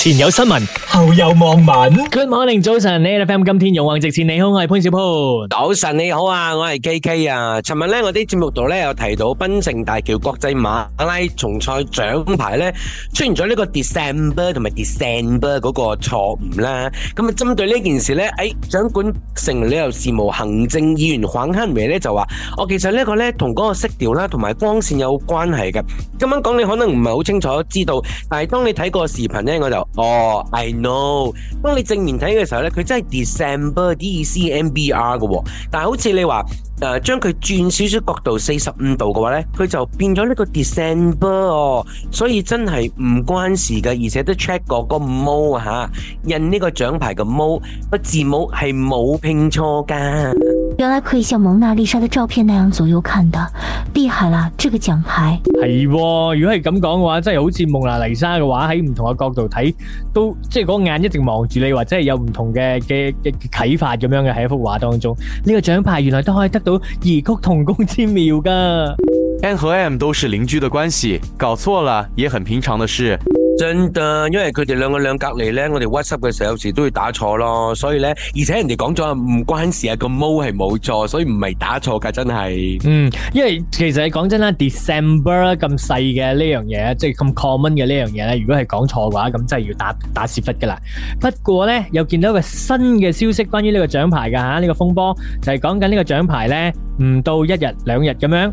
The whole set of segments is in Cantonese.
前有新聞，後有網民。Good morning，早晨，L F M，今天勇往直前你，好，我係潘小鋪。早晨你好啊，我係 K K 啊。尋日咧，我啲節目度咧有提到檳城大橋國際馬拉松賽獎牌咧出現咗呢個 December 同埋 December 嗰個錯誤啦。咁啊，針對呢件事咧，誒、哎，掌管城旅遊事務行政議員黃亨偉咧就話：，我其實個呢個咧同嗰個色調啦，同埋光線有關係嘅。咁樣講，你可能唔係好清楚知道，但係當你睇個視頻咧，我就。哦，I know。當你正面睇嘅時候咧，佢真係 December D C N B R 嘅喎。但係好似你話誒、呃，將佢轉少少角度四十五度嘅話咧，佢就變咗呢個 December 哦。所以真係唔關事㗎，而且都 check 過個毛嚇、啊、印呢個獎牌嘅毛個字母係冇拼錯㗎。原來可以像蒙娜麗莎的照片那樣左右看的，厲害了！這個獎牌。係、哦，如果係咁講嘅話，真、就、係、是、好似蒙娜麗莎嘅畫，喺唔同嘅角度睇，都即係嗰眼一直望住你，或者係有唔同嘅嘅嘅啟發咁樣嘅喺一幅畫當中。呢、這個獎牌原來都可以得到異曲同工之妙噶。N 和 M 都是鄰居的關係，搞錯了也很平常的事。真噶，因為佢哋兩個兩隔籬咧，我哋 WhatsApp 嘅時候有時都會打錯咯，所以咧，而且人哋講咗啊，唔關事啊，個 m 毛係冇錯，所以唔係打錯噶，真係。嗯，因為其實講真啦，December 咁細嘅呢樣嘢，即係咁 common 嘅呢樣嘢咧，如果係講錯嘅話，咁真係要打打屎忽噶啦。不過咧，又見到一個新嘅消息關於呢個獎牌噶吓，呢個風波就係講緊呢個獎牌咧，唔到一日兩日咁樣。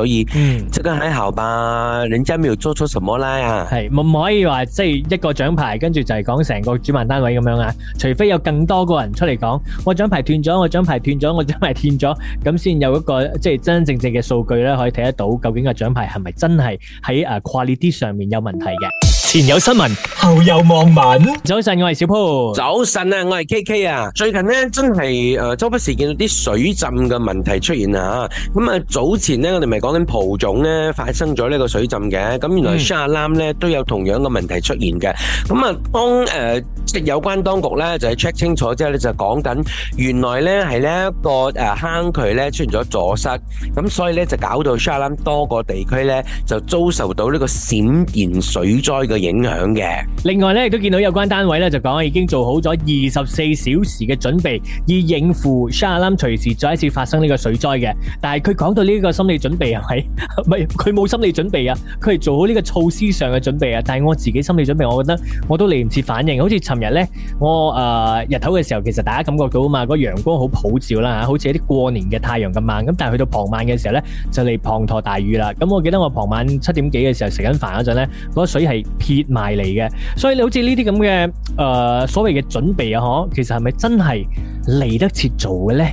所以，嗯，呢個還好吧，人家沒有做出什麼來啊。係，唔唔可以話即係一個獎牌，跟住就係講成個主辦單位咁樣啊。除非有更多個人出嚟講，我獎牌斷咗，我獎牌斷咗，我獎牌斷咗，咁先有一個即係真真正正嘅數據呢，可以睇得到究竟個獎牌係咪真係喺誒 quality 上面有問題嘅。前有新聞，後有網民。早晨，我係小鋪。早晨啊，我係 K K 啊。最近咧，真係誒、呃，周不時見到啲水浸嘅問題出現啊。咁啊，早前咧，我哋咪講緊蒲種咧發生咗呢個水浸嘅，咁、啊、原來 Shah Alam 咧、嗯、都有同樣嘅問題出現嘅。咁啊，當誒、呃、即係有關當局咧就 check 清楚之後咧，就講緊原來咧係呢一個誒、啊、坑渠咧出現咗阻塞，咁、啊、所以咧就搞到 Shah Alam 多個地區咧就遭受到呢個閃電水災嘅。影響嘅。另外咧，亦都見到有關單位咧就講已經做好咗二十四小時嘅準備，以應付莎阿南隨時再一次發生呢個水災嘅。但係佢講到呢個心理準備係咪？唔係，佢冇心理準備啊！佢係做好呢個措施上嘅準備啊。但係我自己心理準備，我覺得我都嚟唔切反應。好似尋日咧，我誒、呃、日頭嘅時候，其實大家感覺到啊嘛，個陽光好普照啦吓，好似一啲過年嘅太陽咁猛。咁但係去到傍晚嘅時候咧，就嚟滂沱大雨啦。咁我記得我傍晚七點幾嘅時候食緊飯嗰陣咧，嗰、那個、水係。熱賣嚟嘅，所以你好似呢啲咁嘅誒，所謂嘅準備啊，嗬，其實係咪真係嚟得切做嘅呢？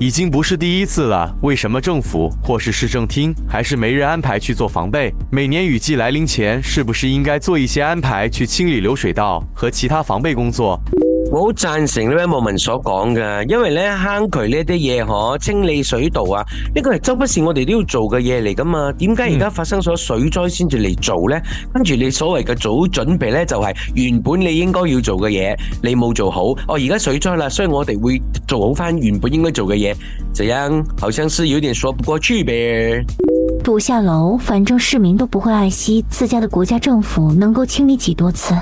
已經不是第一次了，為什麼政府或是市政廳還是沒人安排去做防備？每年雨季來臨前，是不是應該做一些安排去清理流水道和其他防備工作？我好贊成呢位網民所講㗎，因為咧坑渠呢啲嘢嗬，清理水道啊，呢個係周不時我哋都要做嘅嘢嚟噶嘛。點解而家發生咗水災先至嚟做咧？嗯、跟住你所謂嘅早準備咧，就係原本你應該要做嘅嘢，你冇做好。哦，而家水災啦，所以我哋會做好翻原本應該做嘅嘢。這樣好像是有點說不過去唄。堵下樓，反正市民都不會愛惜自家的國家政府能夠清理幾多次。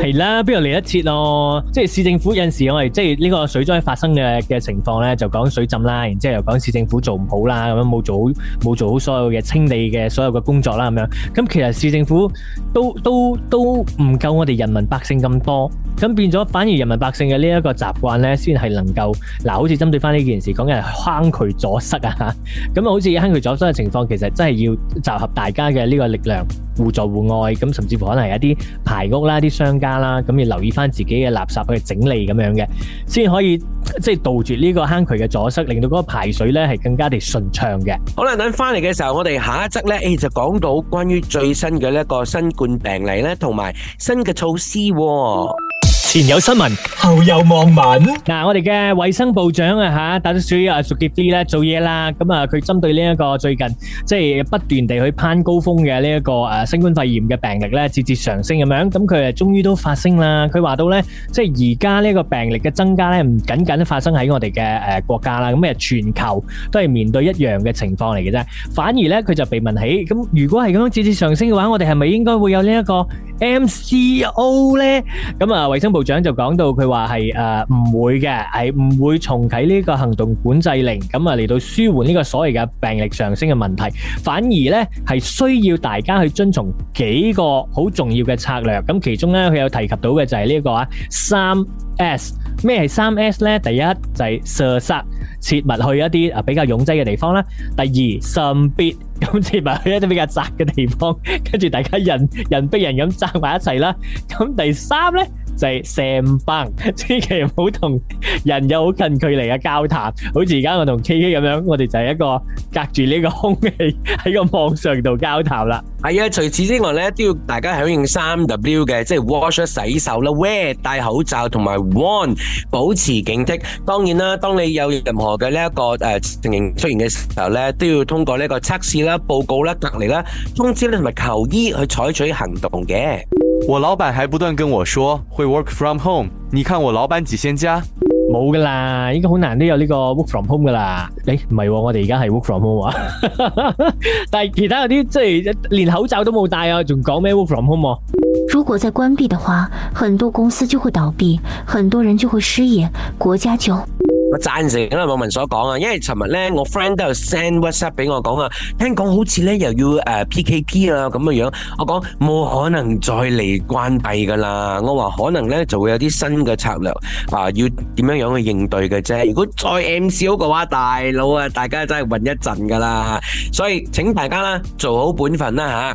是啦，不如嚟一次咯。即係市政府有陣時我哋即係呢個水災發生嘅嘅情況咧，就講水浸啦，然之後又講市政府做唔好啦，咁樣冇做好冇做好所有嘅清理嘅所有嘅工作啦，咁樣。咁其實市政府都都都唔夠我哋人民百姓咁多，咁變咗反而人民百姓嘅呢一個習慣咧，先係能夠嗱，好似針對翻呢件事講嘅係坑渠阻塞啊，咁啊，好似坑渠阻塞嘅情況，其實真係要集合大家嘅呢個力量。互助互愛咁，甚至乎可能係一啲排屋啦、啲商家啦，咁要留意返自己嘅垃圾去整理咁樣嘅，先可以即係杜絕呢個坑渠嘅阻塞，令到嗰個排水呢係更加地順暢嘅。好啦，等返嚟嘅時候，我哋下一則呢，就講到關於最新嘅一個新冠病例呢，同埋新嘅措施喎。前有新聞，後有網民。嗱，我哋嘅衛生部長啊吓，打咗水啊，蘇杰菲咧做嘢啦。咁啊，佢針對呢一個最近即係不斷地去攀高峰嘅呢一個誒新冠肺炎嘅病例咧，節節上升咁樣。咁佢啊，終於都發聲啦。佢話到咧，即係而家呢個病例嘅增加咧，唔僅僅發生喺我哋嘅誒國家啦。咁啊，全球都係面對一樣嘅情況嚟嘅啫。反而咧，佢就被問起，咁如果係咁樣節節上升嘅話，我哋係咪應該會有呢一個？MCO 咧，咁啊，衛生部長就講到佢話係誒唔會嘅，係唔會重啟呢個行動管制令，咁啊嚟到舒緩呢個所謂嘅病例上升嘅問題，反而咧係需要大家去遵從幾個好重要嘅策略，咁其中咧佢有提及到嘅就係呢個啊三 S。咩係三 S 呢？第一就係射殺，切勿去一啲啊比較擁擠嘅地方啦。第二，深逼，咁切勿去一啲比較窄嘅地方，跟住大家人人逼人咁站埋一齊啦。咁第三呢？就係成班千祈唔好同人有好近距離嘅交談，好似而家我同 K K 咁樣，我哋就係一個隔住呢個空氣喺個網上度交談啦。係啊，除此之外咧，都要大家響應三 W 嘅，即係 wash 洗手啦，wear 戴，戴口罩同埋 warn 保持警惕。當然啦，當你有任何嘅呢一個誒、呃、情形出現嘅時候咧，都要通過呢個測試啦、報告啦、隔離啦、通知咧同埋求醫去採取行動嘅。我老闆還不斷跟我說會 work from home，你看我老闆幾千家？冇㗎喇，應該好難都有呢個 work from home 㗎喇。誒，唔係啊，我哋而家係 work from home 啊。 但係其他有啲即係連口罩都冇戴啊，仲講咩 work from home 咩啊？如果再關閉的話，很多公司就會倒閉，很多人就會失業，國家就。我贊成啦，網民所講啊，因為尋日呢，我 friend 都有 send WhatsApp 俾我講啊，聽講好似呢又要 PKP 啦咁樣，我講冇可能再嚟關閉㗎啦，我話可能呢就會有啲新嘅策略啊，要點樣樣去應對嘅啫，如果再 MCO 嘅話，大佬啊，大家真係混一陣㗎啦，所以請大家啦做好本分啦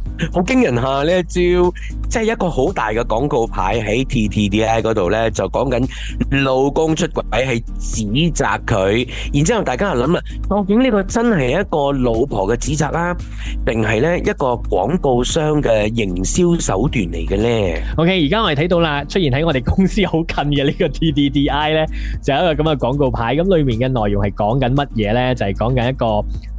好驚人下呢一招，即係一個好大嘅廣告牌喺 TTDI 嗰度咧，就講緊老公出軌係指責佢，然之後大家就諗啦，究竟呢個真係一個老婆嘅指責啦，定係咧一個廣告商嘅營銷手段嚟嘅咧？OK，而家我哋睇到啦，出現喺我哋公司好近嘅呢個 TDDI 咧，就有一個咁嘅廣告牌，咁裏面嘅內容係講緊乜嘢咧？就係講緊一個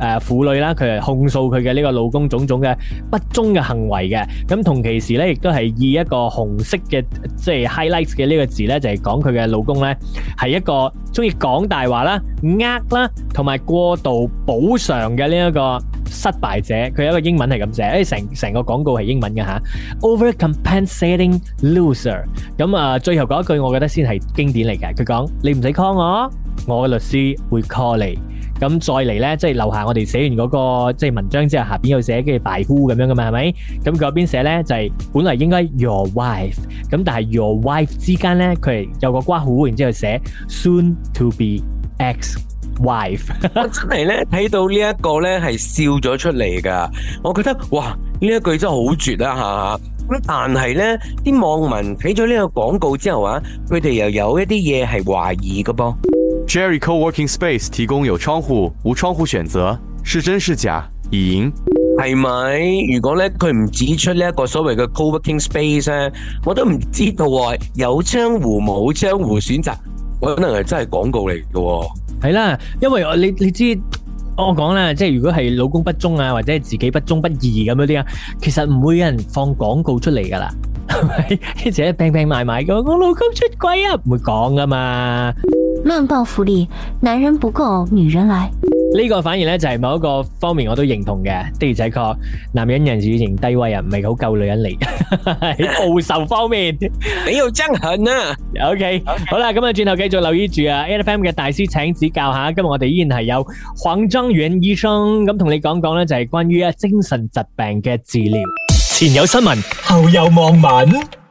誒婦女啦，佢係控訴佢嘅呢個老公種種嘅不忠。嘅行為嘅，咁同其時咧，亦都係以一個紅色嘅，即係 highlight 嘅呢個字咧，就係講佢嘅老公咧係一個鍾意講大話啦、呃啦，同埋過度補償嘅呢一個失敗者。佢有一個英文係咁寫，誒成成個廣告係英文㗎吓，overcompensating loser。咁啊，最後嗰一句，我覺得先係經典嚟嘅。佢講：你唔使 call 我，我嘅律師會 call 你。咁再嚟咧，即係留下我哋寫完嗰個即係文章之後，下邊又寫嘅白呼咁樣噶嘛，係咪？咁佢嗰邊寫咧就係本來應該 your wife，咁但係 your wife 之間咧佢有個括弧，然之後寫 soon to be ex wife。真係咧睇到呢一個咧係笑咗出嚟噶，我覺得哇呢一句真係好絕啦吓。咁但係咧啲網民睇咗呢個廣告之後啊，佢哋又有一啲嘢係懷疑噶噃。Jerry Co-working Space 提供有窗戶無窗戶選擇，是真是假？以瑩係咪？如果咧佢唔指出呢一個所謂嘅 Co-working Space 咧，我都唔知道有窗戶冇窗戶選擇，我可能係真係廣告嚟嘅，哦。係啦，因為你你知道我講啦，即係如果係老公不忠啊，或者自己不忠不義咁樣啲啊，其實唔會有人放廣告出嚟噶啦，而且平平埋埋嘅，我老公出軌啊，唔會講噶嘛。亂報福利，男人不夠，女人來。呢個反而咧就係某一個方面我都認同嘅，的而且確，男人人始終低位啊，唔係好夠女人嚟喺報 仇方面， 你要憎恨啊。OK，, okay. 好啦，咁啊轉頭繼續留意住啊，FM 嘅大師請指教下。今日我哋依然係有黃章遠醫生同你講講咧，就係關於啊精神疾病嘅治療。前有新聞，後有網民。